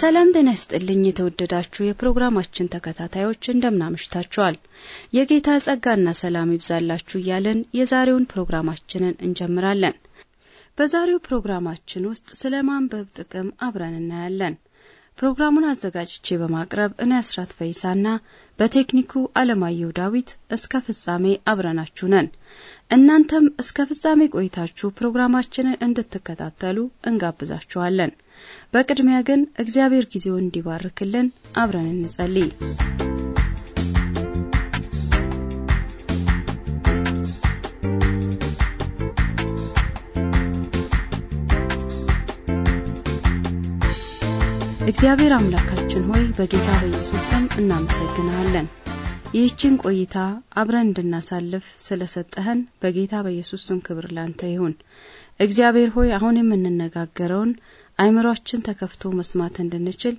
ሰላም ጤና ይስጥልኝ። የተወደዳችሁ የፕሮግራማችን ተከታታዮች እንደምናመሽታችኋል። የጌታ ጸጋና ሰላም ይብዛላችሁ እያለን የዛሬውን ፕሮግራማችንን እንጀምራለን። በዛሬው ፕሮግራማችን ውስጥ ስለ ማንበብ ጥቅም አብረን እናያለን። ፕሮግራሙን አዘጋጅቼ በማቅረብ እኔ አስራት ፈይሳና በቴክኒኩ አለማየሁ ዳዊት እስከ ፍጻሜ አብረናችሁ ነን። እናንተም እስከ ፍጻሜ ቆይታችሁ ፕሮግራማችንን እንድትከታተሉ እንጋብዛችኋለን። በቅድሚያ ግን እግዚአብሔር ጊዜውን እንዲባርክልን አብረን እንጸልይ። እግዚአብሔር አምላካችን ሆይ በጌታ በኢየሱስ ስም እናመሰግናለን። ይህችን ቆይታ አብረን እንድናሳልፍ ስለሰጠህን በጌታ በኢየሱስ ስም ክብር ላንተ ይሁን። እግዚአብሔር ሆይ አሁን የምንነጋገረውን አእምሯችን ተከፍቶ መስማት እንድንችል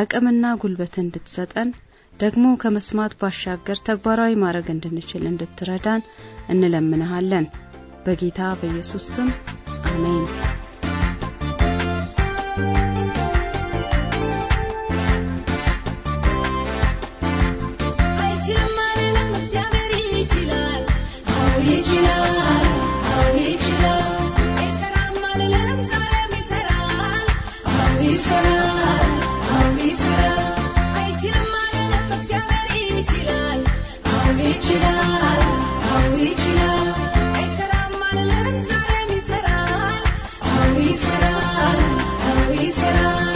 አቅምና ጉልበት እንድትሰጠን ደግሞ ከመስማት ባሻገር ተግባራዊ ማድረግ እንድንችል እንድትረዳን እንለምንሃለን። በጌታ በኢየሱስ ስም አሜን። ይችላል ይሰራል አዎ ይሰራል አዎ ይሰራል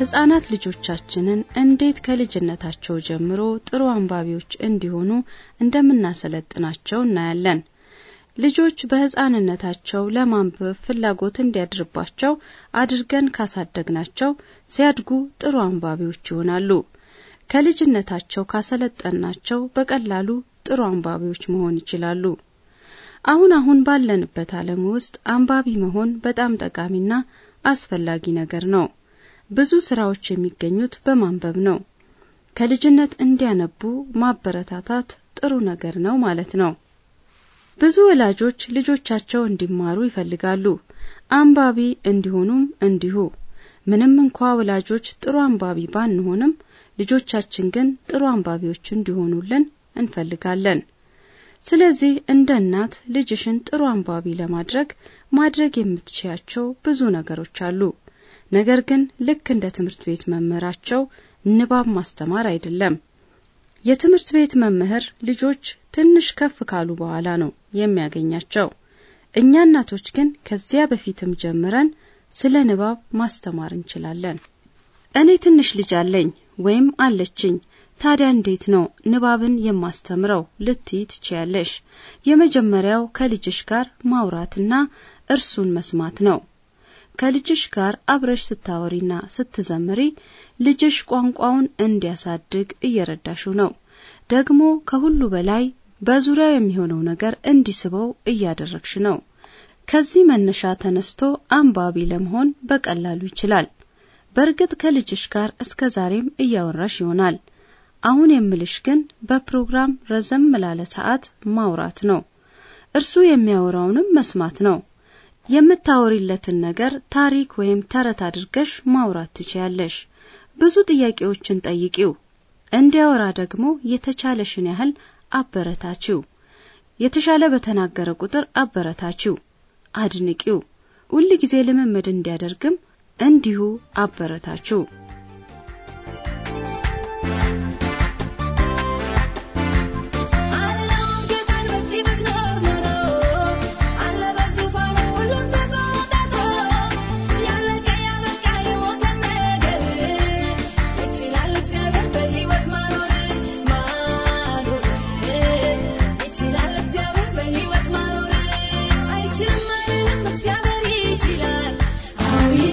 ሕፃናት ልጆቻችንን እንዴት ከልጅነታቸው ጀምሮ ጥሩ አንባቢዎች እንዲሆኑ እንደምናሰለጥናቸው እናያለን። ልጆች በሕፃንነታቸው ለማንበብ ፍላጎት እንዲያድርባቸው አድርገን ካሳደግናቸው ሲያድጉ ጥሩ አንባቢዎች ይሆናሉ። ከልጅነታቸው ካሰለጠናቸው በቀላሉ ጥሩ አንባቢዎች መሆን ይችላሉ። አሁን አሁን ባለንበት ዓለም ውስጥ አንባቢ መሆን በጣም ጠቃሚና አስፈላጊ ነገር ነው። ብዙ ስራዎች የሚገኙት በማንበብ ነው። ከልጅነት እንዲያነቡ ማበረታታት ጥሩ ነገር ነው ማለት ነው። ብዙ ወላጆች ልጆቻቸው እንዲማሩ ይፈልጋሉ፣ አንባቢ እንዲሆኑም እንዲሁ። ምንም እንኳ ወላጆች ጥሩ አንባቢ ባንሆንም ልጆቻችን ግን ጥሩ አንባቢዎች እንዲሆኑልን እንፈልጋለን። ስለዚህ እንደ እናት ልጅሽን ጥሩ አንባቢ ለማድረግ ማድረግ የምትችያቸው ብዙ ነገሮች አሉ። ነገር ግን ልክ እንደ ትምህርት ቤት መምህራቸው ንባብ ማስተማር አይደለም። የትምህርት ቤት መምህር ልጆች ትንሽ ከፍ ካሉ በኋላ ነው የሚያገኛቸው። እኛ እናቶች ግን ከዚያ በፊትም ጀምረን ስለ ንባብ ማስተማር እንችላለን። እኔ ትንሽ ልጅ አለኝ ወይም አለችኝ። ታዲያ እንዴት ነው ንባብን የማስተምረው ልትይ ትችያለሽ። የመጀመሪያው ከልጅሽ ጋር ማውራትና እርሱን መስማት ነው። ከልጅሽ ጋር አብረሽ ስታወሪና ስትዘምሪ ልጅሽ ቋንቋውን እንዲያሳድግ እየረዳሽው ነው። ደግሞ ከሁሉ በላይ በዙሪያው የሚሆነው ነገር እንዲስበው እያደረግሽ ነው። ከዚህ መነሻ ተነስቶ አንባቢ ለመሆን በቀላሉ ይችላል። በእርግጥ ከልጅሽ ጋር እስከ ዛሬም እያወራሽ ይሆናል። አሁን የምልሽ ግን በፕሮግራም ረዘም ላለ ሰዓት ማውራት ነው። እርሱ የሚያወራውንም መስማት ነው። የምታወሪለትን ነገር ታሪክ ወይም ተረት አድርገሽ ማውራት ትችያለሽ። ብዙ ጥያቄዎችን ጠይቂው። እንዲያወራ ደግሞ የተቻለሽን ያህል አበረታችው። የተሻለ በተናገረ ቁጥር አበረታችው፣ አድንቂው። ጊዜ ልምምድ እንዲያደርግም እንዲሁ አበረታችው።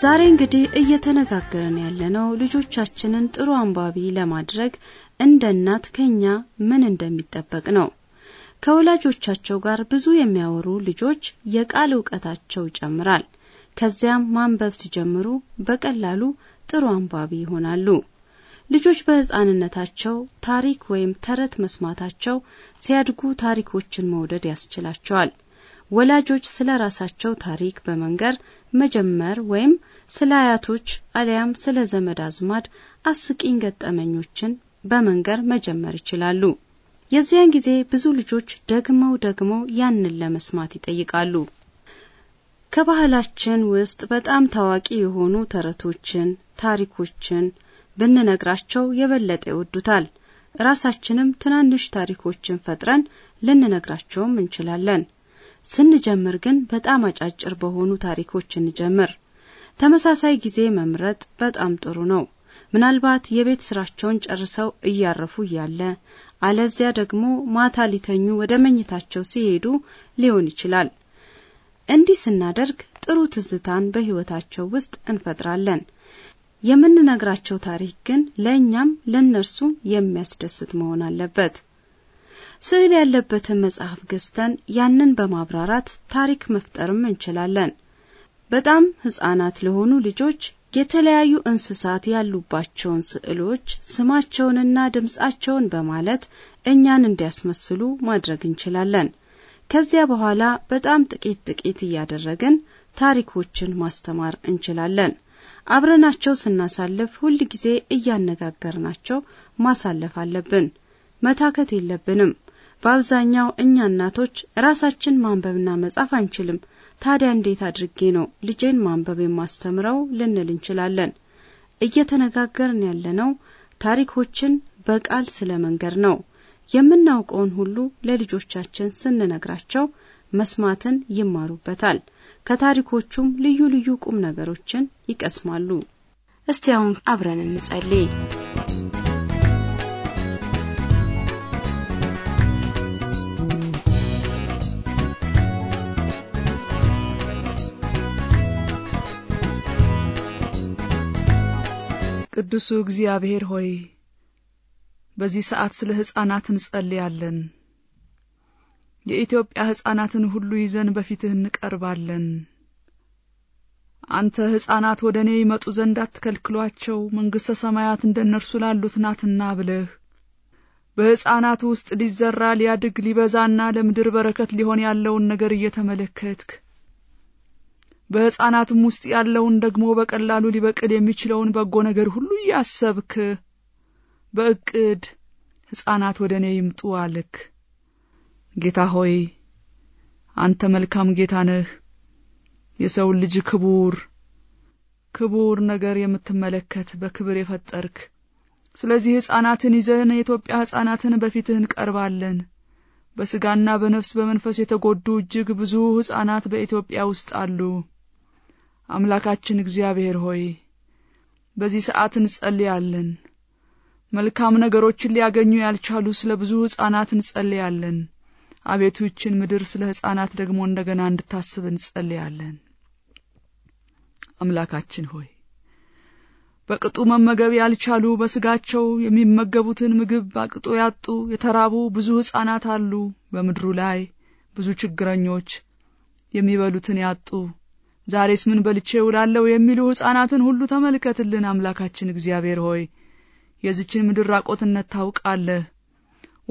ዛሬ እንግዲህ እየተነጋገርን ያለነው ልጆቻችንን ጥሩ አንባቢ ለማድረግ እንደ እናት ከኛ ምን እንደሚጠበቅ ነው። ከወላጆቻቸው ጋር ብዙ የሚያወሩ ልጆች የቃል እውቀታቸው ይጨምራል። ከዚያም ማንበብ ሲጀምሩ በቀላሉ ጥሩ አንባቢ ይሆናሉ። ልጆች በሕፃንነታቸው ታሪክ ወይም ተረት መስማታቸው ሲያድጉ ታሪኮችን መውደድ ያስችላቸዋል። ወላጆች ስለ ራሳቸው ታሪክ በመንገር መጀመር ወይም ስለ አያቶች አሊያም ስለ ዘመድ አዝማድ አስቂኝ ገጠመኞችን በመንገር መጀመር ይችላሉ። የዚያን ጊዜ ብዙ ልጆች ደግመው ደግመው ያንን ለመስማት ይጠይቃሉ። ከባህላችን ውስጥ በጣም ታዋቂ የሆኑ ተረቶችን፣ ታሪኮችን ብንነግራቸው የበለጠ ይወዱታል። ራሳችንም ትናንሽ ታሪኮችን ፈጥረን ልንነግራቸውም እንችላለን። ስንጀምር ግን በጣም አጫጭር በሆኑ ታሪኮች እንጀምር። ተመሳሳይ ጊዜ መምረጥ በጣም ጥሩ ነው። ምናልባት የቤት ስራቸውን ጨርሰው እያረፉ እያለ አለዚያ ደግሞ ማታ ሊተኙ ወደ መኝታቸው ሲሄዱ ሊሆን ይችላል። እንዲህ ስናደርግ ጥሩ ትዝታን በሕይወታቸው ውስጥ እንፈጥራለን። የምንነግራቸው ታሪክ ግን ለእኛም ለእነርሱም የሚያስደስት መሆን አለበት። ስዕል ያለበትን መጽሐፍ ገዝተን ያንን በማብራራት ታሪክ መፍጠርም እንችላለን። በጣም ሕፃናት ለሆኑ ልጆች የተለያዩ እንስሳት ያሉባቸውን ስዕሎች ስማቸውንና ድምፃቸውን በማለት እኛን እንዲያስመስሉ ማድረግ እንችላለን። ከዚያ በኋላ በጣም ጥቂት ጥቂት እያደረግን ታሪኮችን ማስተማር እንችላለን። አብረናቸው ስናሳልፍ ሁል ጊዜ እያነጋገርናቸው ማሳለፍ አለብን። መታከት የለብንም። በአብዛኛው እኛ እናቶች ራሳችን ማንበብና መጻፍ አንችልም። ታዲያ እንዴት አድርጌ ነው ልጄን ማንበብ የማስተምረው ልንል እንችላለን። እየተነጋገርን ያለነው ታሪኮችን በቃል ስለ መንገር ነው። የምናውቀውን ሁሉ ለልጆቻችን ስንነግራቸው መስማትን ይማሩበታል። ከታሪኮቹም ልዩ ልዩ ቁም ነገሮችን ይቀስማሉ። እስቲ አሁን አብረን እንጸልይ። ቅዱሱ እግዚአብሔር ሆይ በዚህ ሰዓት ስለ ሕፃናት እንጸልያለን። የኢትዮጵያ ሕፃናትን ሁሉ ይዘን በፊትህ እንቀርባለን። አንተ ሕፃናት ወደ እኔ ይመጡ ዘንድ አትከልክሏቸው፣ መንግሥተ ሰማያት እንደ እነርሱ ላሉት ናትና ብለህ በሕፃናት ውስጥ ሊዘራ ሊያድግ ሊበዛና ለምድር በረከት ሊሆን ያለውን ነገር እየተመለከትክ በሕፃናትም ውስጥ ያለውን ደግሞ በቀላሉ ሊበቅል የሚችለውን በጎ ነገር ሁሉ እያሰብክ በእቅድ ሕፃናት ወደ እኔ ይምጡ አልክ። ጌታ ሆይ አንተ መልካም ጌታ ነህ። የሰውን ልጅ ክቡር ክቡር ነገር የምትመለከት በክብር የፈጠርክ ስለዚህ ሕፃናትን ይዘን የኢትዮጵያ ሕፃናትን በፊትህ እንቀርባለን። በሥጋና በነፍስ በመንፈስ የተጎዱ እጅግ ብዙ ሕፃናት በኢትዮጵያ ውስጥ አሉ። አምላካችን እግዚአብሔር ሆይ በዚህ ሰዓት እንጸልያለን። መልካም ነገሮችን ሊያገኙ ያልቻሉ ስለ ብዙ ሕፃናት እንጸልያለን። አቤቱ ይችን ምድር ስለ ሕፃናት ደግሞ እንደገና እንድታስብ እንጸልያለን። አምላካችን ሆይ በቅጡ መመገብ ያልቻሉ በስጋቸው የሚመገቡትን ምግብ በቅጡ ያጡ የተራቡ ብዙ ሕፃናት አሉ። በምድሩ ላይ ብዙ ችግረኞች የሚበሉትን ያጡ ዛሬስ ምን በልቼ እውላለሁ የሚሉ ሕፃናትን ሁሉ ተመልከትልን አምላካችን እግዚአብሔር ሆይ የዚችን ምድር ራቆትነት ታውቃለህ።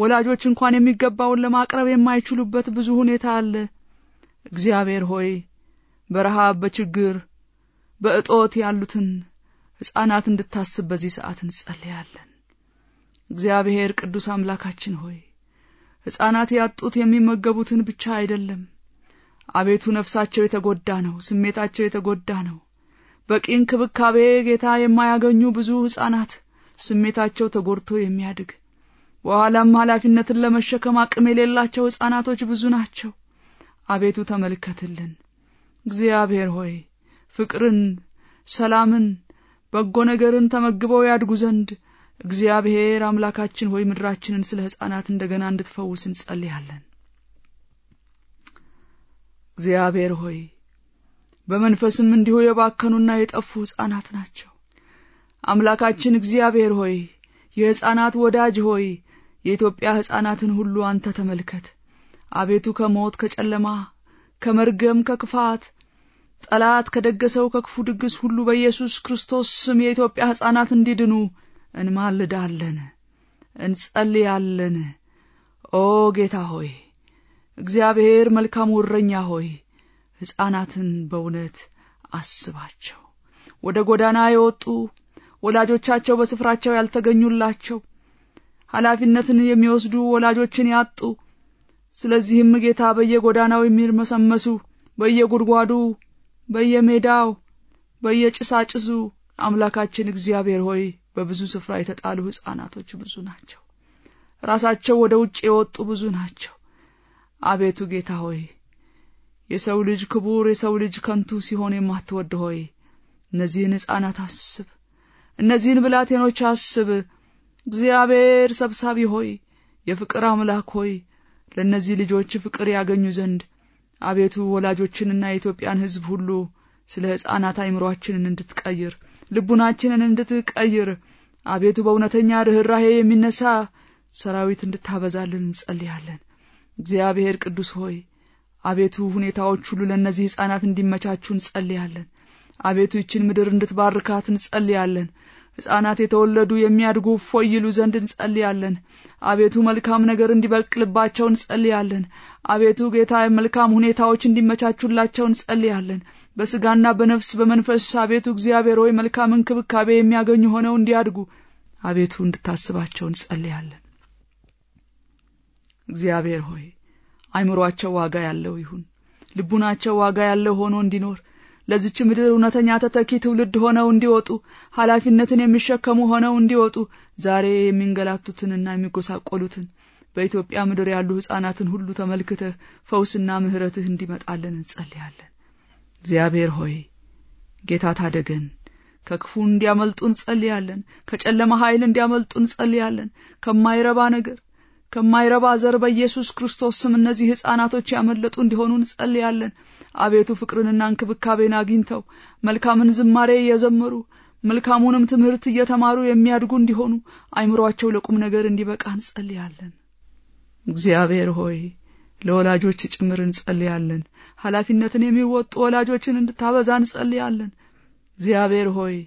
ወላጆች እንኳን የሚገባውን ለማቅረብ የማይችሉበት ብዙ ሁኔታ አለ። እግዚአብሔር ሆይ በረሃብ፣ በችግር፣ በእጦት ያሉትን ሕፃናት እንድታስብ በዚህ ሰዓት እንጸልያለን። እግዚአብሔር ቅዱስ አምላካችን ሆይ ሕፃናት ያጡት የሚመገቡትን ብቻ አይደለም አቤቱ ነፍሳቸው የተጎዳ ነው፣ ስሜታቸው የተጎዳ ነው። በቂ እንክብካቤ ጌታ የማያገኙ ብዙ ሕፃናት ስሜታቸው ተጎድቶ የሚያድግ በኋላም ኃላፊነትን ለመሸከም አቅም የሌላቸው ሕፃናቶች ብዙ ናቸው። አቤቱ ተመልከትልን። እግዚአብሔር ሆይ ፍቅርን፣ ሰላምን፣ በጎ ነገርን ተመግበው ያድጉ ዘንድ እግዚአብሔር አምላካችን ሆይ ምድራችንን ስለ ሕፃናት እንደገና እንድትፈውስ እንጸልያለን። እግዚአብሔር ሆይ በመንፈስም እንዲሁ የባከኑና የጠፉ ሕፃናት ናቸው። አምላካችን እግዚአብሔር ሆይ የሕፃናት ወዳጅ ሆይ የኢትዮጵያ ሕፃናትን ሁሉ አንተ ተመልከት። አቤቱ ከሞት ከጨለማ፣ ከመርገም፣ ከክፋት ጠላት ከደገሰው ከክፉ ድግስ ሁሉ በኢየሱስ ክርስቶስ ስም የኢትዮጵያ ሕፃናት እንዲድኑ እንማልዳለን፣ እንጸልያለን። ኦ ጌታ ሆይ እግዚአብሔር መልካም እረኛ ሆይ ሕፃናትን በእውነት አስባቸው። ወደ ጎዳና የወጡ ወላጆቻቸው በስፍራቸው ያልተገኙላቸው ኃላፊነትን የሚወስዱ ወላጆችን ያጡ፣ ስለዚህም ጌታ በየጎዳናው የሚርመሰመሱ በየጉድጓዱ፣ በየሜዳው፣ በየጭሳጭሱ አምላካችን እግዚአብሔር ሆይ በብዙ ስፍራ የተጣሉ ሕፃናቶች ብዙ ናቸው። ራሳቸው ወደ ውጭ የወጡ ብዙ ናቸው። አቤቱ ጌታ ሆይ የሰው ልጅ ክቡር የሰው ልጅ ከንቱ ሲሆን የማትወድ ሆይ እነዚህን ሕፃናት አስብ፣ እነዚህን ብላቴኖች አስብ። እግዚአብሔር ሰብሳቢ ሆይ የፍቅር አምላክ ሆይ ለእነዚህ ልጆች ፍቅር ያገኙ ዘንድ አቤቱ ወላጆችንና የኢትዮጵያን ሕዝብ ሁሉ ስለ ሕፃናት አይምሯችንን እንድትቀይር ልቡናችንን እንድትቀይር አቤቱ በእውነተኛ ርኅራሄ የሚነሳ ሰራዊት እንድታበዛልን እንጸልያለን። እግዚአብሔር ቅዱስ ሆይ አቤቱ ሁኔታዎች ሁሉ ለእነዚህ ሕፃናት እንዲመቻቹ እንጸልያለን። አቤቱ ይችን ምድር እንድትባርካት እንጸልያለን። ሕፃናት የተወለዱ የሚያድጉ ፎይሉ ዘንድ እንጸልያለን። አቤቱ መልካም ነገር እንዲበቅልባቸው እንጸልያለን። አቤቱ ጌታ መልካም ሁኔታዎች እንዲመቻቹላቸው እንጸልያለን። በስጋና በነፍስ በመንፈስ አቤቱ እግዚአብሔር ሆይ መልካም እንክብካቤ የሚያገኙ ሆነው እንዲያድጉ አቤቱ እንድታስባቸው እንጸልያለን። እግዚአብሔር ሆይ አይምሯቸው ዋጋ ያለው ይሁን ልቡናቸው ዋጋ ያለው ሆኖ እንዲኖር ለዚች ምድር እውነተኛ ተተኪ ትውልድ ሆነው እንዲወጡ ኃላፊነትን የሚሸከሙ ሆነው እንዲወጡ ዛሬ የሚንገላቱትንና የሚጎሳቆሉትን በኢትዮጵያ ምድር ያሉ ሕፃናትን ሁሉ ተመልክተህ ፈውስና ምሕረትህ እንዲመጣልን እንጸልያለን። እግዚአብሔር ሆይ ጌታ ታደገን። ከክፉ እንዲያመልጡ እንጸልያለን። ከጨለማ ኃይል እንዲያመልጡ እንጸልያለን። ከማይረባ ነገር ከማይረባ ዘር በኢየሱስ ክርስቶስ ስም እነዚህ ሕፃናቶች ያመለጡ እንዲሆኑ እንጸልያለን። አቤቱ ፍቅርንና እንክብካቤን አግኝተው መልካምን ዝማሬ እየዘመሩ መልካሙንም ትምህርት እየተማሩ የሚያድጉ እንዲሆኑ አይምሯቸው ለቁም ነገር እንዲበቃ እንጸልያለን። እግዚአብሔር ሆይ ለወላጆች ጭምር እንጸልያለን። ኃላፊነትን የሚወጡ ወላጆችን እንድታበዛ እንጸልያለን። እግዚአብሔር ሆይ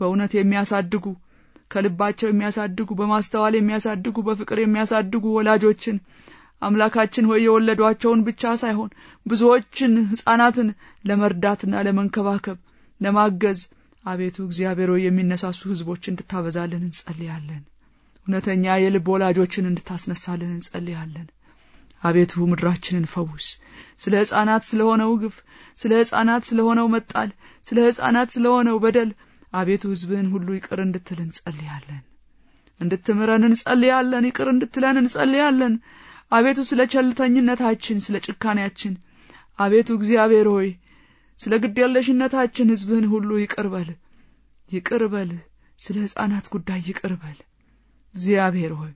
በእውነት የሚያሳድጉ ከልባቸው የሚያሳድጉ በማስተዋል የሚያሳድጉ በፍቅር የሚያሳድጉ ወላጆችን አምላካችን ሆይ የወለዷቸውን ብቻ ሳይሆን ብዙዎችን ሕፃናትን ለመርዳትና ለመንከባከብ ለማገዝ አቤቱ እግዚአብሔር ሆይ የሚነሳሱ ህዝቦች እንድታበዛልን እንጸልያለን እውነተኛ የልብ ወላጆችን እንድታስነሳልን እንጸልያለን አቤቱ ምድራችንን ፈውስ ስለ ሕፃናት ስለሆነው ግፍ ስለ ሕፃናት ስለሆነው መጣል ስለ ሕፃናት ስለሆነው በደል አቤቱ ሕዝብህን ሁሉ ይቅር እንድትል እንጸልያለን። እንድትምረን እንጸልያለን። ይቅር እንድትለን እንጸልያለን። አቤቱ ስለ ቸልተኝነታችን፣ ስለ ጭካኔያችን አቤቱ እግዚአብሔር ሆይ ስለ ግዴለሽነታችን ሕዝብህን ሁሉ ይቅር በል፣ ይቅር በል። ስለ ሕፃናት ጉዳይ ይቅር በል። እግዚአብሔር ሆይ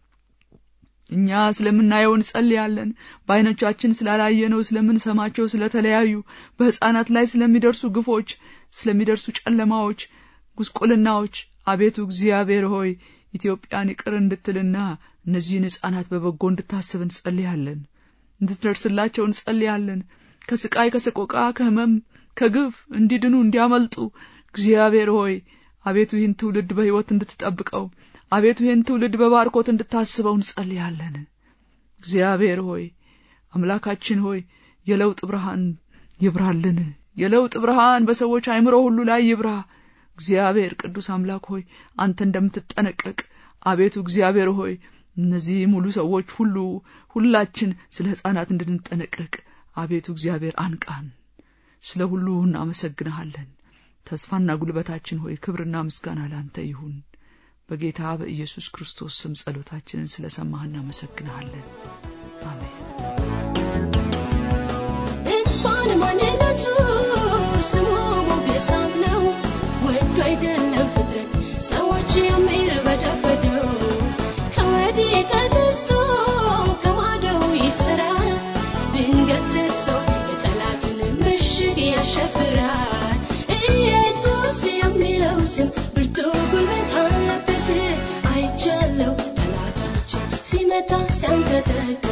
እኛ ስለምናየው እንጸልያለን። በዓይኖቻችን ስላላየነው፣ ስለምንሰማቸው፣ ስለተለያዩ በሕፃናት ላይ ስለሚደርሱ ግፎች፣ ስለሚደርሱ ጨለማዎች ጉስቁልናዎች አቤቱ እግዚአብሔር ሆይ ኢትዮጵያን ይቅር እንድትልና እነዚህን ሕፃናት በበጎ እንድታስብ እንጸልያለን። እንድትደርስላቸው እንጸልያለን። ከስቃይ ከሰቆቃ፣ ከህመም፣ ከግፍ እንዲድኑ እንዲያመልጡ እግዚአብሔር ሆይ አቤቱ ይህን ትውልድ በሕይወት እንድትጠብቀው አቤቱ ይህን ትውልድ በባርኮት እንድታስበው እንጸልያለን። እግዚአብሔር ሆይ አምላካችን ሆይ የለውጥ ብርሃን ይብራልን። የለውጥ ብርሃን በሰዎች አይምሮ ሁሉ ላይ ይብራ። እግዚአብሔር ቅዱስ አምላክ ሆይ አንተ እንደምትጠነቀቅ አቤቱ እግዚአብሔር ሆይ እነዚህ ሙሉ ሰዎች ሁሉ ሁላችን ስለ ሕፃናት እንድንጠነቀቅ አቤቱ እግዚአብሔር አንቃን። ስለ ሁሉ እናመሰግንሃለን። ተስፋና ጉልበታችን ሆይ ክብርና ምስጋና ላንተ ይሁን። በጌታ በኢየሱስ ክርስቶስ ስም ጸሎታችንን ስለ ሰማህ እናመሰግንሃለን። አሜን። እንኳን ማንነቱ ስሙ ወዶ አይደለም ፍጥረት ሰዎች የሚርበደበደው ከወዲህ ተጠርቶ ከማደው ይሰራል ድንገት ደርሶ የጠላትን ምሽግ ያሸብራል ኢየሱስ የሚለው ስም ብርቱ ጉልበት አለበት አይቻለው ጠላታችን ሲመታ ሲያንቀጠቀ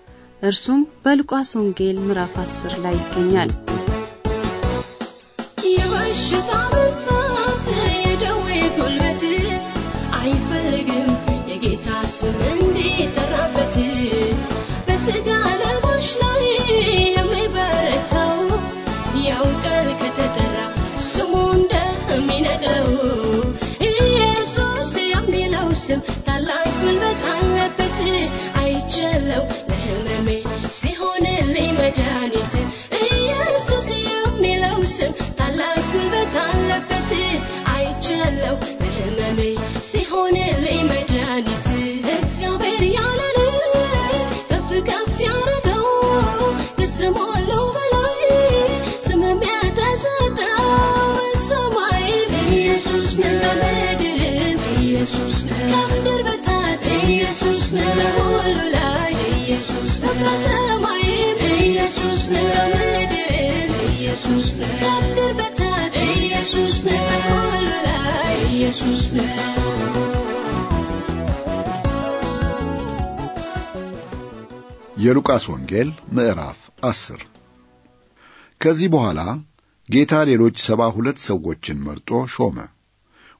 እርሱም በሉቃስ ወንጌል ምዕራፍ 10 ላይ ይገኛል። የበሽታ ብርታት የደዌ ጉልበት አይፈልግም የጌታ ስም እንዲጠራበት በስጋ ለባሽ ላይ የሚበረታው ያውቃል ከተጠራ ስሙ እንደሚነግረው ኢየሱስ የሚለው ስም ታላቅ ጉልበት አለበት አይችለው አልፈውስም ታላቅ ጉልበት አለበት አይቻለው ለህመሜ ሲሆንልኝ መድኃኒት እግዚአብሔር ያለን ከፍ ከፍ ያረገው ስሙ በላይ ስምም የተሰጠው ሰማይ ኢየሱስ ኢየሱስ ከምድር በታች ኢየሱስ ላይ ኢየሱስ ኢየሱስ የሉቃስ ወንጌል ምዕራፍ 10 ከዚህ በኋላ ጌታ ሌሎች ሰባ ሁለት ሰዎችን መርጦ ሾመ።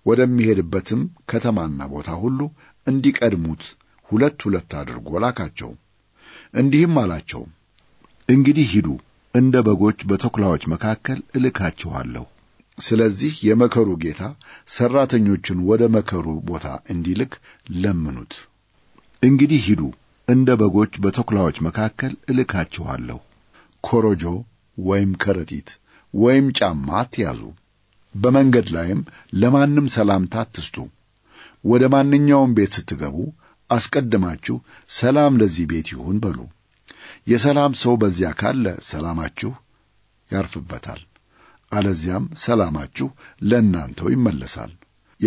ወደሚሄድበትም ከተማና ቦታ ሁሉ እንዲቀድሙት ሁለት ሁለት አድርጎ ላካቸው። እንዲህም አላቸው፣ እንግዲህ ሂዱ እንደ በጎች በተኩላዎች መካከል እልካችኋለሁ። ስለዚህ የመከሩ ጌታ ሠራተኞቹን ወደ መከሩ ቦታ እንዲልክ ለምኑት። እንግዲህ ሂዱ፣ እንደ በጎች በተኩላዎች መካከል እልካችኋለሁ። ኮሮጆ ወይም ከረጢት ወይም ጫማ አትያዙ። በመንገድ ላይም ለማንም ሰላምታ አትስጡ። ወደ ማንኛውም ቤት ስትገቡ አስቀድማችሁ ሰላም ለዚህ ቤት ይሁን በሉ። የሰላም ሰው በዚያ ካለ ሰላማችሁ ያርፍበታል፣ አለዚያም ሰላማችሁ ለእናንተው ይመለሳል።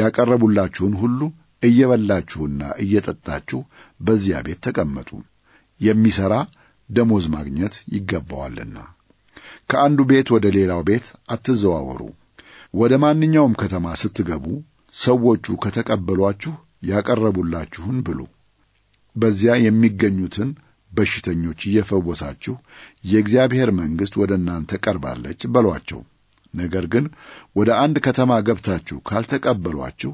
ያቀረቡላችሁን ሁሉ እየበላችሁና እየጠጣችሁ በዚያ ቤት ተቀመጡ፣ የሚሠራ ደሞዝ ማግኘት ይገባዋልና። ከአንዱ ቤት ወደ ሌላው ቤት አትዘዋወሩ። ወደ ማንኛውም ከተማ ስትገቡ ሰዎቹ ከተቀበሏችሁ ያቀረቡላችሁን ብሉ። በዚያ የሚገኙትን በሽተኞች እየፈወሳችሁ የእግዚአብሔር መንግሥት ወደ እናንተ ቀርባለች በሏቸው። ነገር ግን ወደ አንድ ከተማ ገብታችሁ ካልተቀበሏችሁ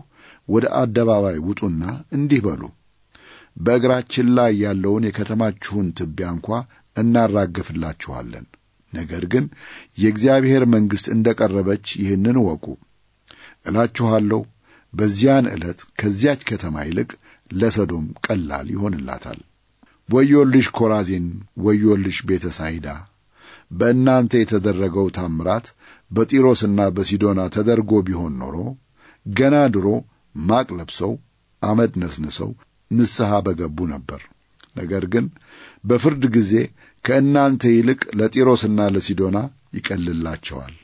ወደ አደባባይ ውጡና እንዲህ በሉ፣ በእግራችን ላይ ያለውን የከተማችሁን ትቢያ እንኳ እናራግፍላችኋለን። ነገር ግን የእግዚአብሔር መንግሥት እንደ ቀረበች ይህንን ወቁ እላችኋለሁ በዚያን ዕለት ከዚያች ከተማ ይልቅ ለሰዶም ቀላል ይሆንላታል። ወዮልሽ ኮራዚን፣ ወዮልሽ ቤተ ሳይዳ በእናንተ የተደረገው ታምራት በጢሮስና በሲዶና ተደርጎ ቢሆን ኖሮ ገና ድሮ ማቅ ለብሰው አመድ ነስንሰው ንስሐ በገቡ ነበር። ነገር ግን በፍርድ ጊዜ ከእናንተ ይልቅ ለጢሮስና ለሲዶና ይቀልላቸዋል።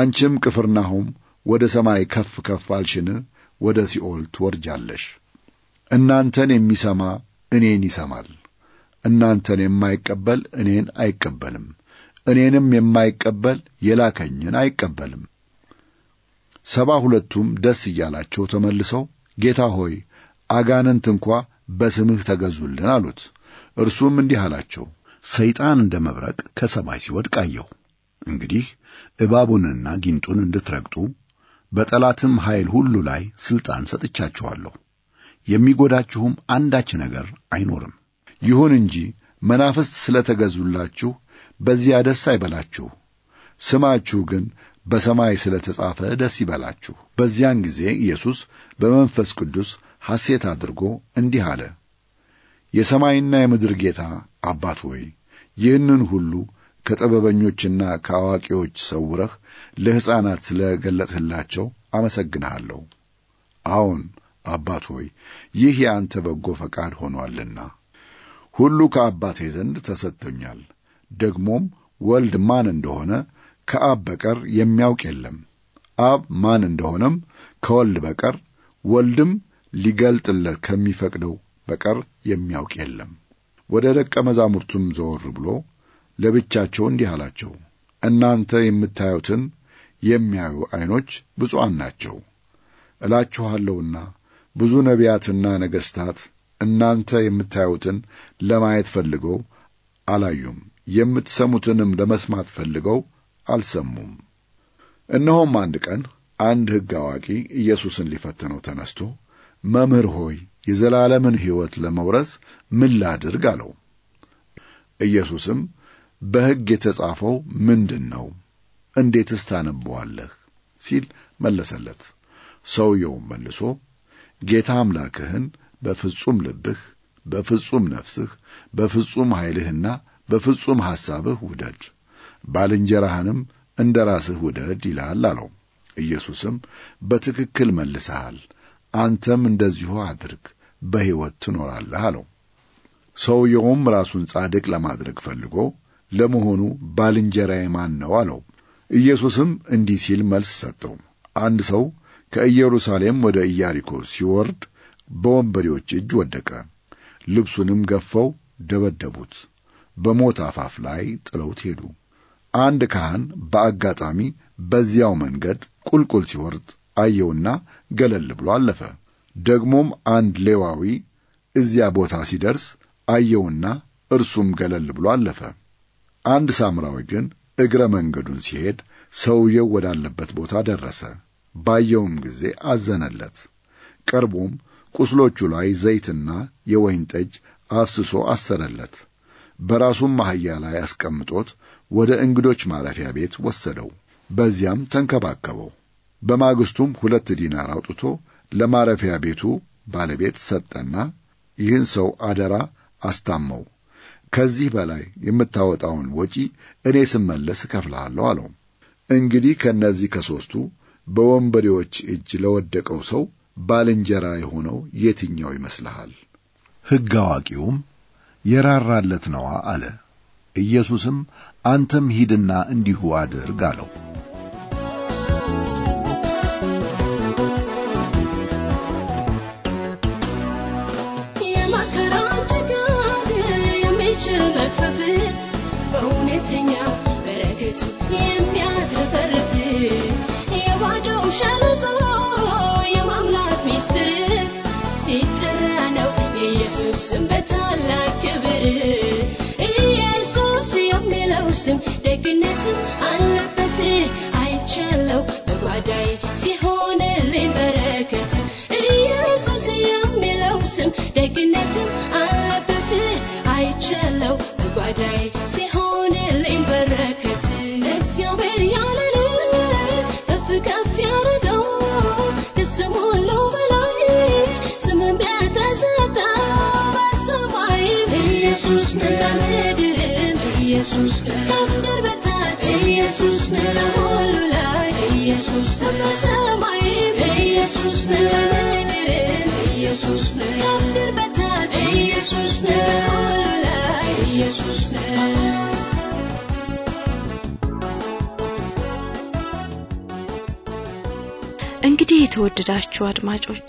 አንቺም ቅፍርናሆም ወደ ሰማይ ከፍ ከፍ አልሽን? ወደ ሲኦል ትወርጃለሽ። እናንተን የሚሰማ እኔን ይሰማል። እናንተን የማይቀበል እኔን አይቀበልም፣ እኔንም የማይቀበል የላከኝን አይቀበልም። ሰባ ሁለቱም ደስ እያላቸው ተመልሰው ጌታ ሆይ አጋንንት እንኳ በስምህ ተገዙልን አሉት። እርሱም እንዲህ አላቸው፣ ሰይጣን እንደ መብረቅ ከሰማይ ሲወድቅ አየሁ። እንግዲህ እባቡንና ጊንጡን እንድትረግጡ በጠላትም ኃይል ሁሉ ላይ ሥልጣን ሰጥቻችኋለሁ የሚጎዳችሁም አንዳች ነገር አይኖርም። ይሁን እንጂ መናፍስት ስለ ተገዙላችሁ በዚያ ደስ አይበላችሁ፣ ስማችሁ ግን በሰማይ ስለ ተጻፈ ደስ ይበላችሁ። በዚያን ጊዜ ኢየሱስ በመንፈስ ቅዱስ ሐሴት አድርጎ እንዲህ አለ፣ የሰማይና የምድር ጌታ አባት ሆይ ይህንን ሁሉ ከጥበበኞችና ከአዋቂዎች ሰውረህ ለሕፃናት ስለ ገለጥህላቸው አመሰግንሃለሁ። አዎን አባት ሆይ ይህ የአንተ በጎ ፈቃድ ሆኗልና ሁሉ ከአባቴ ዘንድ ተሰጥቶኛል። ደግሞም ወልድ ማን እንደሆነ ከአብ በቀር የሚያውቅ የለም፣ አብ ማን እንደሆነም ከወልድ በቀር ወልድም ሊገልጥለት ከሚፈቅደው በቀር የሚያውቅ የለም። ወደ ደቀ መዛሙርቱም ዘወር ብሎ ለብቻቸው እንዲህ አላቸው፣ እናንተ የምታዩትን የሚያዩ ዐይኖች ብፁዓን ናቸው እላችኋለሁና ብዙ ነቢያትና ነገሥታት እናንተ የምታዩትን ለማየት ፈልገው አላዩም፣ የምትሰሙትንም ለመስማት ፈልገው አልሰሙም። እነሆም አንድ ቀን አንድ ሕግ አዋቂ ኢየሱስን ሊፈትነው ተነስቶ መምህር ሆይ የዘላለምን ሕይወት ለመውረስ ምን ላድርግ አለው። ኢየሱስም በሕግ የተጻፈው ምንድን ነው? እንዴትስ ታነበዋለህ? ሲል መለሰለት። ሰውየውም መልሶ ጌታ አምላክህን በፍጹም ልብህ፣ በፍጹም ነፍስህ፣ በፍጹም ኃይልህና በፍጹም ሐሳብህ ውደድ፣ ባልንጀራህንም እንደ ራስህ ውደድ ይላል አለው። ኢየሱስም በትክክል መልሰሃል፣ አንተም እንደዚሁ አድርግ፣ በሕይወት ትኖራለህ አለው። ሰውየውም ራሱን ጻድቅ ለማድረግ ፈልጎ ለመሆኑ ባልንጀራዬ ማን ነው አለው። ኢየሱስም እንዲህ ሲል መልስ ሰጠው። አንድ ሰው ከኢየሩሳሌም ወደ ኢያሪኮ ሲወርድ በወንበዴዎች እጅ ወደቀ። ልብሱንም ገፈው ደበደቡት፣ በሞት አፋፍ ላይ ጥለውት ሄዱ። አንድ ካህን በአጋጣሚ በዚያው መንገድ ቁልቁል ሲወርድ አየውና ገለል ብሎ አለፈ። ደግሞም አንድ ሌዋዊ እዚያ ቦታ ሲደርስ አየውና እርሱም ገለል ብሎ አለፈ። አንድ ሳምራዊ ግን እግረ መንገዱን ሲሄድ ሰውየው ወዳለበት ቦታ ደረሰ። ባየውም ጊዜ አዘነለት። ቀርቦም ቁስሎቹ ላይ ዘይትና የወይን ጠጅ አፍስሶ አሰረለት። በራሱም አህያ ላይ አስቀምጦት ወደ እንግዶች ማረፊያ ቤት ወሰደው፣ በዚያም ተንከባከበው። በማግስቱም ሁለት ዲናር አውጥቶ ለማረፊያ ቤቱ ባለቤት ሰጠና ይህን ሰው አደራ አስታመው፣ ከዚህ በላይ የምታወጣውን ወጪ እኔ ስመለስ እከፍልሃለሁ አለው። እንግዲህ ከእነዚህ ከሦስቱ በወንበዴዎች እጅ ለወደቀው ሰው ባልንጀራ የሆነው የትኛው ይመስልሃል? ሕግ አዋቂውም የራራለት ነዋ አለ። ኢየሱስም አንተም ሂድና እንዲሁ አድርግ አለው። በእውነተኛ በረከቱ የሚያዝረፈር ሸለቆ የማምላክ ሚስጥር ሲጠራ ነው የኢየሱስ ስም በታላቅ ክብር ኢየሱስ የሚለው ስም ደግነት አለበት አይቻለው በጓዳይ ሲ ኢየሱስ ነው ያለድህን ኢየሱስ ነው ከምድር እንግዲህ የተወደዳችሁ አድማጮች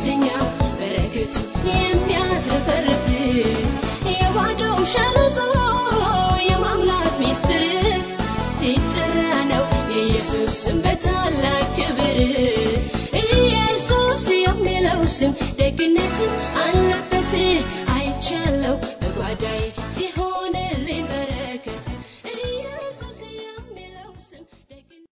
ኃጢአተኛ በረከቱ የሚያትረፈርፍ የባዶው ሸለቆ የማምላክ ሚስጥር ሲጠራ ነው የኢየሱስ ስም በታላቅ ክብር ኢየሱስ የሚለው ስም ደግነት አለበት አይቻለው በጓዳይ ሲህ